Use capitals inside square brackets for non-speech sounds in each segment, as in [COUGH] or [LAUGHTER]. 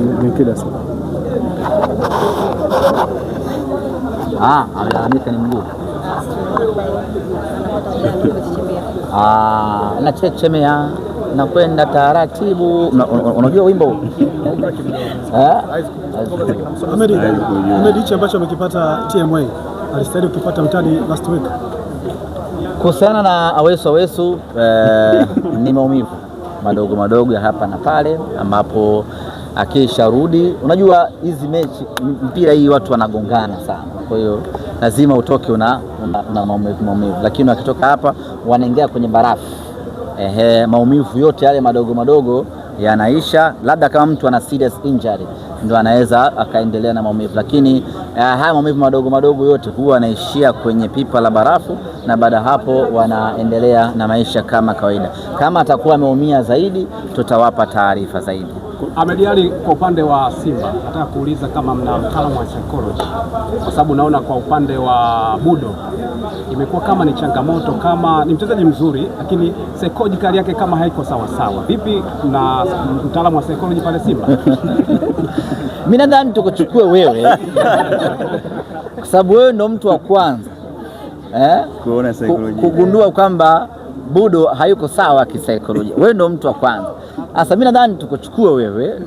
ni kila siku. Ah, amelalamika ni mguu [LAUGHS] ah, nachechemea nakwenda taratibu. Unajua wimbo [LAUGHS] eh? Ahmed, hichi ambacho amekipata TMA alistahili kukipata mtani last week. Kuhusiana na awesu awesu, eh, [LAUGHS] ni maumivu madogo madogo ya hapa na pale ambapo akisha rudi, unajua hizi mechi mpira hii watu wanagongana sana, kwa hiyo lazima utoke una, una, una maumivu maumivu, lakini wakitoka hapa wanaingia kwenye barafu. Ehe, maumivu yote yale madogo madogo yanaisha, labda kama mtu ana serious injury ndo anaweza akaendelea na maumivu, lakini eh, haya maumivu madogo madogo yote huwa anaishia kwenye pipa la barafu, na baada hapo wanaendelea na maisha kama kawaida. Kama atakuwa ameumia zaidi, tutawapa taarifa zaidi. Ahmed Ally, kwa upande wa Simba nataka kuuliza kama mna mtaalamu wa psychology, kwa sababu naona kwa upande wa Budo imekuwa kama ni changamoto, kama ni mchezaji mzuri lakini psychology yake kama haiko sawa sawa. Vipi na mtaalamu wa psychology pale Simba? [LAUGHS] Mimi nadhani tukuchukue wewe [LAUGHS] kwa sababu wewe ndo mtu wa kwanza eh, kuona psychology, kugundua kwamba Budo hayuko sawa kisaikolojia. Wewe ndo mtu wa kwanza. Sasa mimi nadhani tukuchukue wewe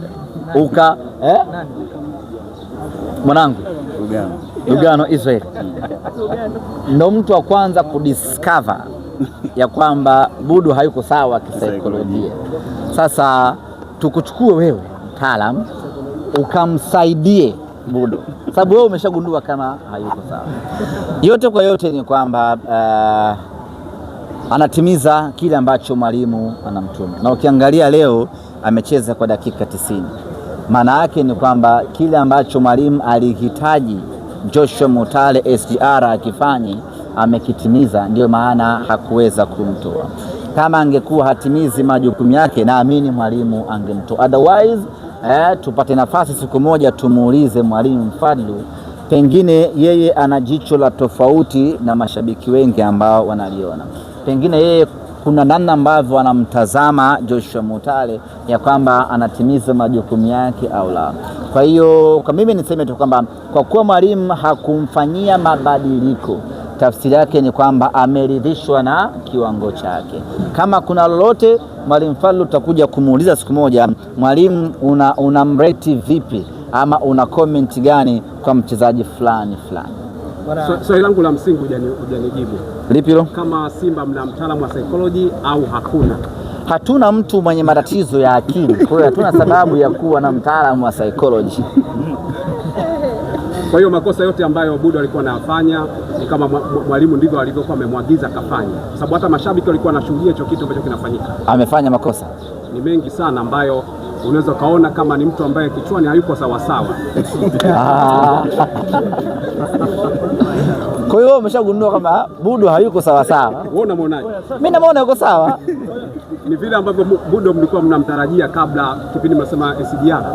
uka eh? mwanangu Lugano, Lugano Israel ndo mtu wa kwanza kudiscover ya kwamba Budo hayuko sawa kisaikolojia. Sasa tukuchukue wewe mtaalam ukamsaidie Budo sababu wewe umeshagundua kama hayuko sawa. Yote kwa yote ni kwamba uh, anatimiza kile ambacho mwalimu anamtuma, na ukiangalia leo amecheza kwa dakika tisini. Maana yake ni kwamba kile ambacho mwalimu alihitaji Joshua Mutale SGR akifanye amekitimiza, ndiyo maana hakuweza kumtoa. Kama angekuwa hatimizi majukumu yake, naamini mwalimu angemtoa otherwise. Eh, tupate nafasi siku moja tumuulize mwalimu Fadlu, pengine yeye ana jicho la tofauti na mashabiki wengi ambao wanaliona pengine yeye kuna namna ambavyo anamtazama Joshua Mutale ya kwamba anatimiza majukumu yake au la. Kwa hiyo kwa mimi niseme tu kwamba kwa kuwa mwalimu hakumfanyia mabadiliko, tafsiri yake ni kwamba ameridhishwa na kiwango chake. Kama kuna lolote mwalimu Fadlu utakuja kumuuliza siku moja, mwalimu, una mreti vipi ama una comment gani kwa mchezaji fulani fulani? Swali so, so langu la msingi hujanijibu Lipi hilo? Kama Simba mna mtaalamu wa psychology au hakuna? Hatuna mtu mwenye matatizo ya akili, kwa hiyo hatuna sababu ya kuwa na mtaalamu wa psychology. Kwa hiyo makosa yote ambayo Budo alikuwa anayafanya ni kama mwalimu ndivyo alivyokuwa amemwagiza akafanya, kwa sababu hata mashabiki walikuwa wanashuhudia hicho kitu ambacho kinafanyika. Amefanya makosa ni mengi sana ambayo unaweza ukaona kama ni mtu ambaye kichwani hayuko sawasawa. [LAUGHS] Ah. [LAUGHS] Kwa hiyo leo umeshagundua kwamba Budo hayuko sawa sawa. Wewe unamwonaje? Mimi namwona yuko sawa. Ni vile ambavyo Budo mlikuwa mnamtarajia kabla kipindi mnasema SGR.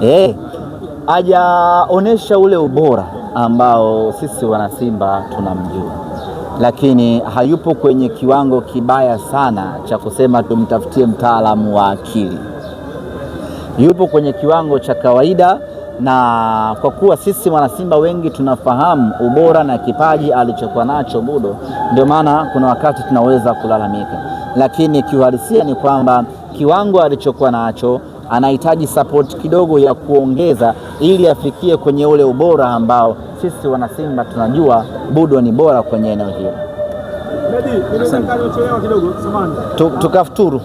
Eh, hajaonesha ule ubora ambao sisi wanasimba tunamjua, lakini hayupo kwenye kiwango kibaya sana cha kusema tumtafutie mtaalamu wa akili. Yupo kwenye kiwango cha kawaida na kwa kuwa sisi wanasimba wengi tunafahamu ubora na kipaji alichokuwa nacho Budo, ndio maana kuna wakati tunaweza kulalamika, lakini kiuhalisia ni kwamba kiwango alichokuwa nacho anahitaji sapoti kidogo ya kuongeza ili afikie kwenye ule ubora ambao sisi wanasimba tunajua Budo ni bora kwenye eneo hilo. Tukafuturu,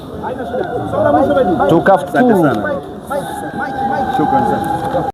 tukafuturu.